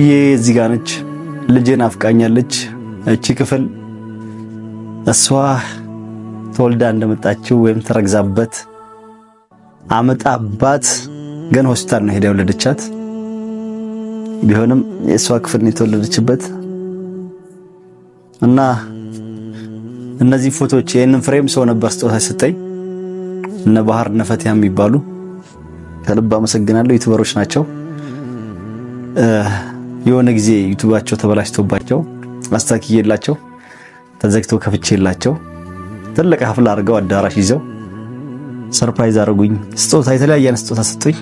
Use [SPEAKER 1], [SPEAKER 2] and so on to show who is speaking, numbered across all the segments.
[SPEAKER 1] ይሄ እዚህ ጋር ነች። ልጄን አፍቃኛለች። እቺ ክፍል እሷ ተወልዳ እንደመጣችው ወይም ተረግዛበት አባት ገን ሆስፒታል ነው ሄዳ የወለደቻት። ቢሆንም የእሷ ክፍል ነው የተወለደችበት እና እነዚህ ፎቶዎች ይህንን ፍሬም ሰው ነበር ስጦታ ሰጠኝ። እነ ባህር እነ ፈቲያ የሚባሉ ከልብ አመሰግናለሁ። ዩቱበሮች ናቸው። የሆነ ጊዜ ዩቱባቸው ተበላሽቶባቸው አስታክዬላቸው ተዘግቶ ከፍቼላቸው ትልቅ ሀፍላ አድርገው አዳራሽ ይዘው ሰርፕራይዝ አድርጉኝ። ስጦታ የተለያየ አይነት ስጦታ ሰጡኝ።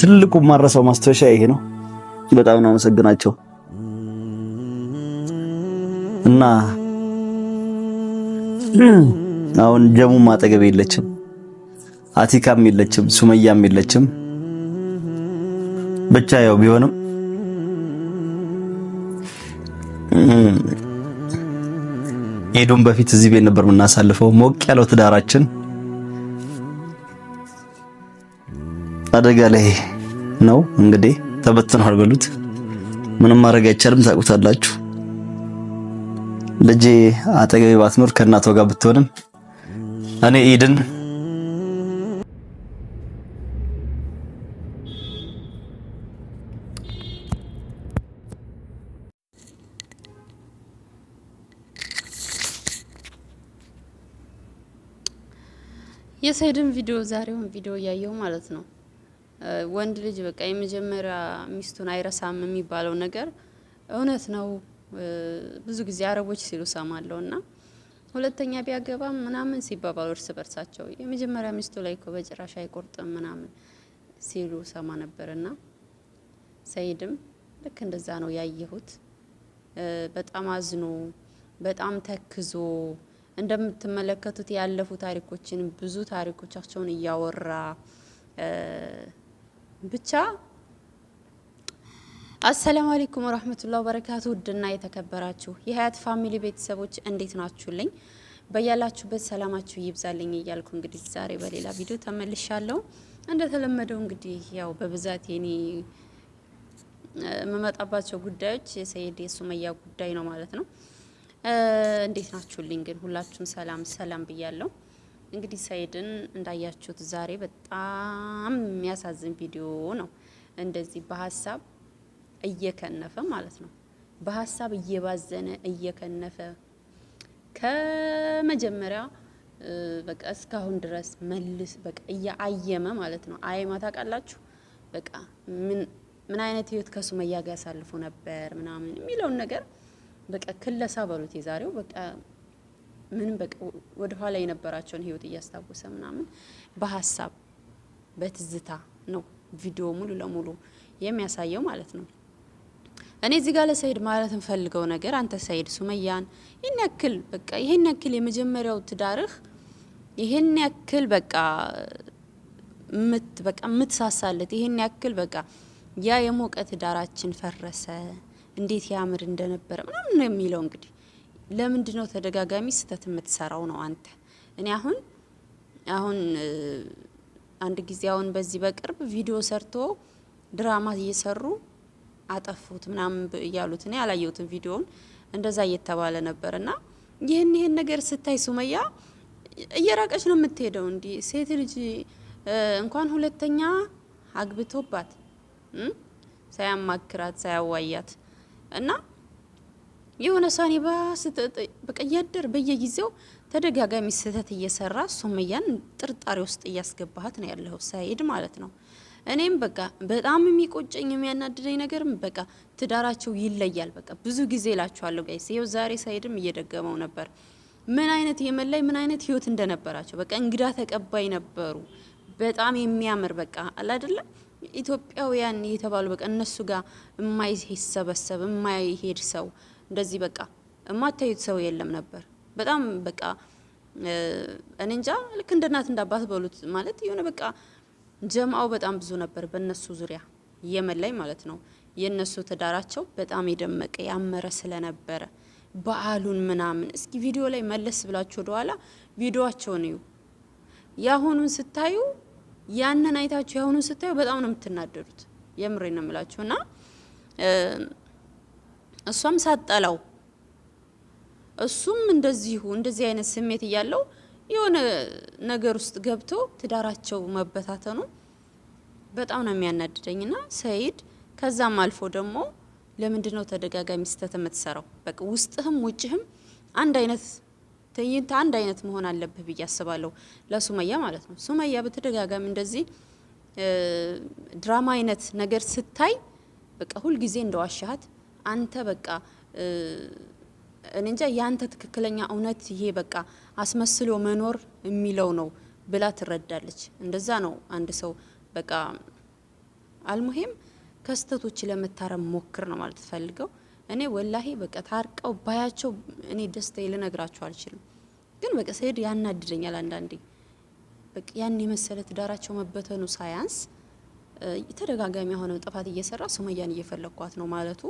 [SPEAKER 1] ትልቁ ማረሰው ማስታወሻ ይሄ ነው። በጣም ነው አመሰግናቸው እና አሁን ጀሙም አጠገብ የለችም፣ አቲካም የለችም፣ ሱመያም የለችም። ብቻ ያው ቢሆንም ኤዱን በፊት እዚህ ቤት ነበር የምናሳልፈው። ሞቅ ያለው ትዳራችን አደጋ ላይ ነው። እንግዲህ ተበትኗል በሉት። ምንም ማድረግ አይቻልም። ታውቁታላችሁ። ልጄ አጠገቤ ባትኖር ከእናቷ ጋር ብትሆንም እኔ ኢድን
[SPEAKER 2] የሰይድን ቪዲዮ ዛሬውን ቪዲዮ እያየው ማለት ነው። ወንድ ልጅ በቃ የመጀመሪያ ሚስቱን አይረሳም የሚባለው ነገር እውነት ነው። ብዙ ጊዜ አረቦች ሲሉ ሰማለሁ እና ሁለተኛ ቢያገባም ምናምን ሲባባሉ እርስ በርሳቸው የመጀመሪያ ሚስቱ ላይ እኮ በጭራሽ አይቆርጥም ምናምን ሲሉ ሰማ ነበር እና ሰይድም ልክ እንደዛ ነው ያየሁት። በጣም አዝኖ በጣም ተክዞ እንደምትመለከቱት ያለፉ ታሪኮችን ብዙ ታሪኮቻቸውን እያወራ ብቻ አሰላሙ አለይኩም ወራህመቱላሂ ወበረካቱ። ውድና የተከበራችሁ የሀያት ፋሚሊ ቤተሰቦች እንዴት ናችሁልኝ? በያላችሁበት ሰላማችሁ ይብዛልኝ እያልኩ እንግዲህ ዛሬ በሌላ ቪዲዮ ተመልሻለሁ። እንደተለመደው እንግዲህ ያው በብዛት የኔ የምመጣባቸው ጉዳዮች የሰይድ የሱመያ ጉዳይ ነው ማለት ነው። እንዴት ናችሁልኝ? ግን ሁላችሁም ሰላም ሰላም ብያለሁ። እንግዲህ ሰይድን እንዳያችሁት ዛሬ በጣም የሚያሳዝን ቪዲዮ ነው። እንደዚህ በሀሳብ እየከነፈ ማለት ነው። በሀሳብ እየባዘነ እየከነፈ ከመጀመሪያ በቃ እስካሁን ድረስ መልስ በቃ እያአየመ ማለት ነው። አይማ ታውቃላችሁ። በቃ ምን ምን አይነት ህይወት ከሱመያ ጋር ያሳልፉ ነበር ምናምን የሚለውን ነገር በቃ ክለሳ በሉት የዛሬው በቃ ምንም በቃ ወደኋላ የነበራቸውን ህይወት እያስታወሰ ምናምን በሀሳብ በትዝታ ነው ቪዲዮ ሙሉ ለሙሉ የሚያሳየው ማለት ነው። እኔ እዚህ ጋር ለሰይድ ማለት እንፈልገው ነገር አንተ ሰይድ ሱመያን ይህን ያክል በቃ ይህን ያክል የመጀመሪያው ትዳርህ ይህን ያክል በቃ ምት በቃ ምትሳሳለት ይህን ያክል በቃ ያ የሞቀ ትዳራችን ፈረሰ እንዴት ያምር እንደነበረ ምናምን ነው የሚለው። እንግዲህ ለምንድን ነው ተደጋጋሚ ስህተት የምትሰራው ነው አንተ? እኔ አሁን አሁን አንድ ጊዜ አሁን በዚህ በቅርብ ቪዲዮ ሰርቶ ድራማ እየሰሩ አጠፉት ምናምን እያሉት እኔ ያላየሁትን ቪዲዮውን እንደዛ እየተባለ ነበር። እና ይህን ይህን ነገር ስታይ ሱመያ እየራቀች ነው የምትሄደው። እንዲህ ሴት ልጅ እንኳን ሁለተኛ አግብቶባት ሳያማክራት ሳያዋያት እና የሆነ ሳኔ በቃ እያደር በየጊዜው ተደጋጋሚ ስህተት እየሰራ ሱመያን ጥርጣሬ ውስጥ እያስገባሃት ነው ያለው ሳይድ ማለት ነው። እኔም በቃ በጣም የሚቆጨኝ የሚያናድደኝ ነገርም በቃ ትዳራቸው ይለያል። በቃ ብዙ ጊዜ ላችኋለሁ ጋይስ፣ ይኸው ዛሬ ሳይድም እየደገመው ነበር። ምን አይነት የመላይ ምን አይነት ህይወት እንደነበራቸው በቃ እንግዳ ተቀባይ ነበሩ። በጣም የሚያምር በቃ አላደለም ኢትዮጵያውያን የተባሉ በቃ እነሱ ጋር የማይሰበሰብ የማይሄድ ሰው እንደዚህ በቃ የማታዩት ሰው የለም ነበር። በጣም በቃ እኔ እንጃ ልክ እንደ እናት እንዳባት በሉት ማለት የሆነ በቃ ጀማው በጣም ብዙ ነበር በእነሱ ዙሪያ የመን ላይ ማለት ነው። የእነሱ ትዳራቸው በጣም የደመቀ ያመረ ስለነበረ በዓሉን ምናምን እስኪ ቪዲዮ ላይ መለስ ብላችሁ ወደኋላ ቪዲዮዋቸውን እዩ። ያሁኑን ስታዩ ያንን አይታችሁ የሆኑ ስታዩ በጣም ነው የምትናደዱት። የምሬ ነው የምላችሁ። እና እሷም ሳጠላው እሱም እንደዚሁ እንደዚህ አይነት ስሜት እያለው የሆነ ነገር ውስጥ ገብቶ ትዳራቸው መበታተኑ በጣም ነው የሚያናድደኝ። ና ሰይድ፣ ከዛም አልፎ ደግሞ ለምንድን ነው ተደጋጋሚ ስህተት የምትሰራው? በቃ ውስጥህም ውጭህም አንድ አይነት ትዕይንት አንድ አይነት መሆን አለብህ ብዬ አስባለሁ። ለሱመያ ማለት ነው። ሱመያ በተደጋጋሚ እንደዚህ ድራማ አይነት ነገር ስታይ በቃ ሁልጊዜ እንደዋሻሃት አንተ በቃ እንጃ የአንተ ትክክለኛ እውነት ይሄ በቃ አስመስሎ መኖር የሚለው ነው ብላ ትረዳለች። እንደዛ ነው አንድ ሰው በቃ አልሙሄም ከስተቶች ለመታረም ሞክር ነው ማለት ፈልገው እኔ ወላሄ በቃ ታርቀው ባያቸው እኔ ደስታ ልነግራቸው አልችልም። ግን በቃ ስሄድ ያናድደኛል አንዳንዴ በቃ ያን የመሰለ ትዳራቸው መበተኑ ሳያንስ ተደጋጋሚ የሆነ ጥፋት እየሰራ ሱመያን እየፈለግኳት ነው ማለቱ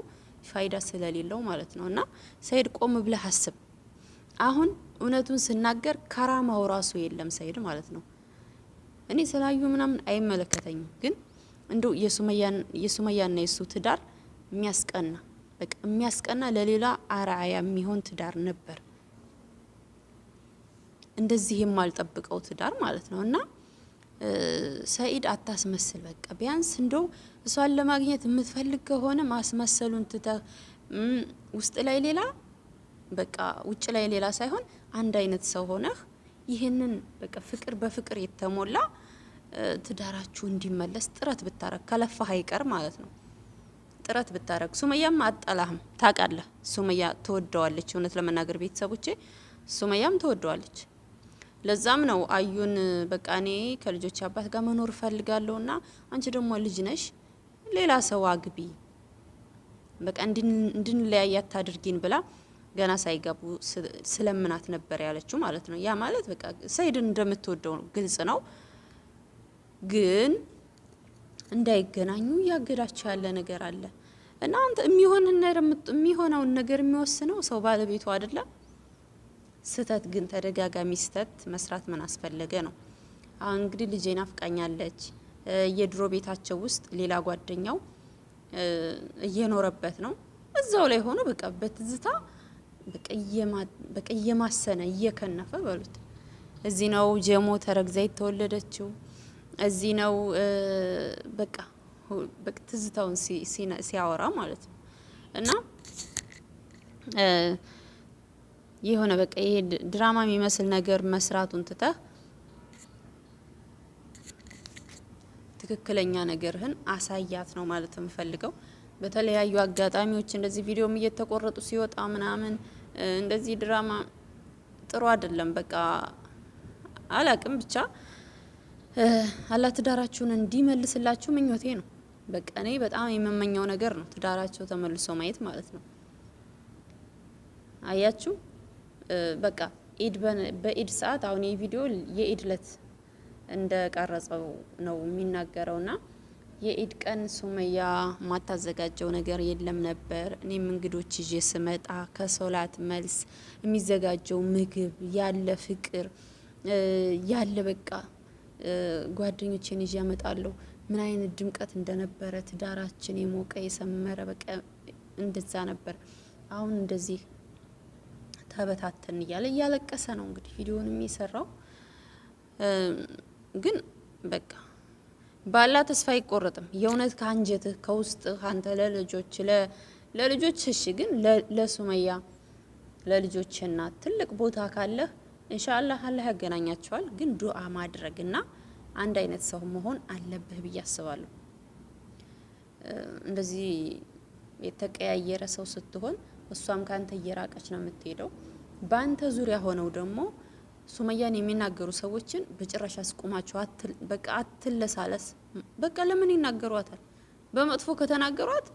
[SPEAKER 2] ፋይዳ ስለሌለው ማለት ነው። እና ሰይድ ቆም ብለህ አስብ። አሁን እውነቱን ስናገር ከራማው ራሱ የለም ሰይድ ማለት ነው። እኔ ስላዩ ምናምን አይመለከተኝም። ግን እንደው የሱመያና የሱ ትዳር የሚያስቀና በቃ የሚያስቀና ለሌላ አርአያ የሚሆን ትዳር ነበር። እንደዚህ የማልጠብቀው ትዳር ማለት ነው። እና ሰኢድ አታስመስል። በቃ ቢያንስ እንደው እሷን ለማግኘት የምትፈልግ ከሆነ ማስመሰሉን ትተ ውስጥ ላይ ሌላ በቃ ውጭ ላይ ሌላ ሳይሆን አንድ አይነት ሰው ሆነህ ይህንን በቃ ፍቅር በፍቅር የተሞላ ትዳራችሁ እንዲመለስ ጥረት ብታረግ ከለፋህ አይቀር ማለት ነው። ጥረት ብታረግ ሱመያም አጠላህም ታውቃለህ። ሱመያ ትወደዋለች። እውነት ለመናገር ቤተሰቦቼ ሱመያም ትወደዋለች። ለዛም ነው አዩን በቃ እኔ ከልጆች አባት ጋር መኖር እፈልጋለሁ ና አንቺ ደግሞ ልጅ ነሽ፣ ሌላ ሰው አግቢ፣ በቃ እንድንለያይ አታድርጊን ብላ ገና ሳይጋቡ ስለምናት ነበር ያለችው ማለት ነው። ያ ማለት በቃ ሰይድን እንደምትወደው ግልጽ ነው። ግን እንዳይገናኙ እያገዳቸው ያለ ነገር አለ። እና የሚሆነውን ነገር የሚወስነው ሰው ባለቤቱ አይደለም። ስህተት ግን ተደጋጋሚ ስህተት መስራት ምን አስፈለገ ነው። አሁን እንግዲህ ልጄ ናፍቃኛለች። የድሮ ቤታቸው ውስጥ ሌላ ጓደኛው እየኖረበት ነው። እዛው ላይ ሆኖ በቃ በትዝታ በቃ እየማሰነ እየከነፈ በሉት። እዚህ ነው ጀሞ ተረግዛ የተወለደችው። እዚህ ነው በቃ ትዝታውን ሲያወራ ማለት ነው እና የሆነ በቃ ይሄ ድራማ የሚመስል ነገር መስራቱን ትተህ ትክክለኛ ነገርህን አሳያት ነው ማለት የምፈልገው። በተለያዩ አጋጣሚዎች እንደዚህ ቪዲዮም እየተቆረጡ ሲወጣ ምናምን እንደዚህ ድራማ ጥሩ አይደለም። በቃ አላቅም ብቻ አላህ ትዳራችሁን እንዲመልስላችሁ ምኞቴ ነው። በቃ እኔ በጣም የምመኘው ነገር ነው ትዳራቸው ተመልሶ ማየት ማለት ነው። አያችሁ በቃ ኢድ በኢድ ሰዓት አሁን ይህ ቪዲዮ የኢድ ለት እንደቀረጸው ነው የሚናገረውና የኢድ ቀን ሱመያ ማታዘጋጀው ነገር የለም ነበር። እኔም እንግዶች ይዤ ስመጣ ከሶላት መልስ የሚዘጋጀው ምግብ ያለ ፍቅር ያለ በቃ ጓደኞቼን ይዤ አመጣለሁ። ምን አይነት ድምቀት እንደነበረ ትዳራችን የሞቀ የሰመረ በቃ እንደዛ ነበር። አሁን እንደዚህ ተበታተን እያለ እያለቀሰ ነው እንግዲህ ቪዲዮን የሚሰራው። ግን በቃ ባላ ተስፋ አይቆረጥም። የእውነት ከአንጀትህ ከውስጥህ አንተ ለልጆች ለልጆች እሺ፣ ግን ለሱመያ ለልጆችና ትልቅ ቦታ ካለህ ኢንሻአላህ አላህ ያገናኛቸዋል። ግን ዱአ ማድረግና አንድ አይነት ሰው መሆን አለብህ ብዬ አስባለሁ። እንደዚህ የተቀያየረ ሰው ስትሆን እሷም ከአንተ እየራቀች ነው የምትሄደው። በአንተ ዙሪያ ሆነው ደግሞ ሱመያን የሚናገሩ ሰዎችን በጭራሽ አስቁማቸው። በቃ አትለሳለስ። በቃ ለምን ይናገሯታል? በመጥፎ ከተናገሯት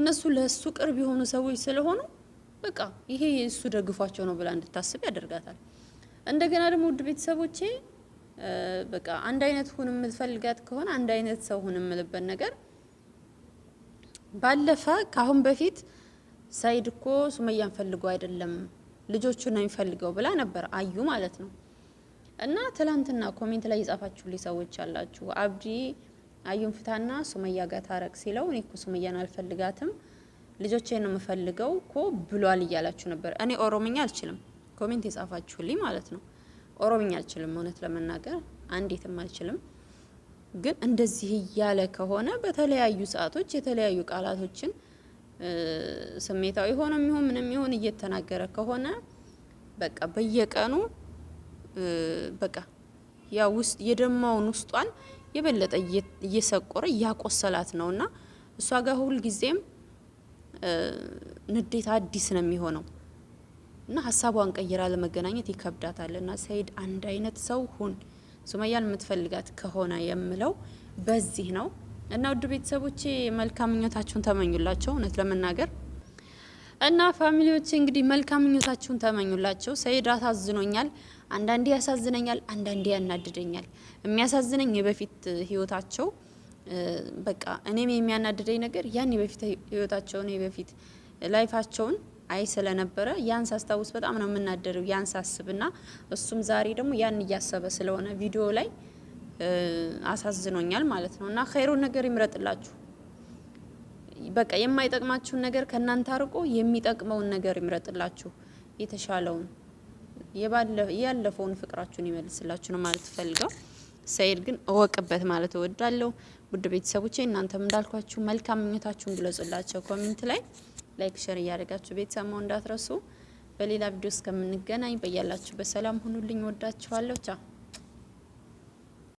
[SPEAKER 2] እነሱ ለእሱ ቅርብ የሆኑ ሰዎች ስለሆኑ በቃ ይሄ እሱ ደግፏቸው ነው ብላ እንድታስብ ያደርጋታል። እንደገና ደግሞ ውድ ቤተሰቦቼ በቃ አንድ አይነት ሁን የምትፈልጋት ከሆነ አንድ አይነት ሰው ሁን የምልበት ነገር ባለፈ ከአሁን በፊት ሰይድ እኮ ሱመያን ፈልጎ አይደለም ልጆቹን ነው የሚፈልገው ብላ ነበር አዩ ማለት ነው። እና ትላንትና ኮሜንት ላይ የጻፋችሁልኝ ሰዎች አላችሁ አብዲ አዩን ፍታና ሱመያ ጋር ታረቅ ሲለው እኔ እኮ ሱመያን አልፈልጋትም ልጆቼ ነው የምፈልገው እኮ ብሏል እያላችሁ ነበር። እኔ ኦሮምኛ አልችልም። ኮሜንት የጻፋችሁልኝ ማለት ነው ኦሮምኛ አልችልም፣ እውነት ለመናገር አንዴትም አልችልም። ግን እንደዚህ እያለ ከሆነ በተለያዩ ሰዓቶች የተለያዩ ቃላቶችን ስሜታዊ ሆኖ የሚሆን ምንም ይሆን እየተናገረ ከሆነ በቃ በየቀኑ በቃ ያ ውስጥ የደማውን ውስጧን የበለጠ እየሰቆረ እያቆሰላት ነውና እሷ ጋር ሁልጊዜም ንዴት አዲስ ነው የሚሆነው። እና ሀሳቧን ቀይራ ለመገናኘት ይከብዳታል። እና ሰይድ አንድ አይነት ሰው ሁን ሱመያን የምትፈልጋት ከሆነ የምለው በዚህ ነው። እና ውድ ቤተሰቦቼ መልካም ምኞታችሁን ተመኙላቸው። እውነት ለመናገር እና ፋሚሊዎች እንግዲህ መልካም ምኞታችሁን ተመኙላቸው። ሰይድ አሳዝኖኛል፣ አንዳንዴ ያሳዝነኛል፣ አንዳንዴ ያናድደኛል። የሚያሳዝነኝ የበፊት ህይወታቸው በቃ እኔም የሚያናድደኝ ነገር ያን የበፊት ህይወታቸውን የበፊት ላይፋቸውን አይ ስለነበረ ያን ሳስታውስ በጣም ነው የምናደረው ያን ሳስብና እሱም ዛሬ ደግሞ ያን እያሰበ ስለሆነ ቪዲዮ ላይ አሳዝኖኛል ማለት ነው። እና ኸይሩን ነገር ይምረጥላችሁ። በቃ የማይጠቅማችሁን ነገር ከእናንተ አርቆ የሚጠቅመውን ነገር ይምረጥላችሁ። የተሻለውን ያለፈውን ፍቅራችሁን ይመልስላችሁ ነው ማለት ፈልገው። ሰይድ ግን እወቅበት ማለት እወዳለሁ። ውድ ቤተሰቦቼ እናንተም እንዳልኳችሁ መልካም ምኞታችሁን ግለጹላቸው ኮሜንት ላይ ላይክ፣ ሸር እያደረጋችሁ ቤተሰብ መሆን እንዳትረሱ። በሌላ ቪዲዮ እስከምንገናኝ በያላችሁ በሰላም ሁኑልኝ። ወዳችኋለሁ። ቻው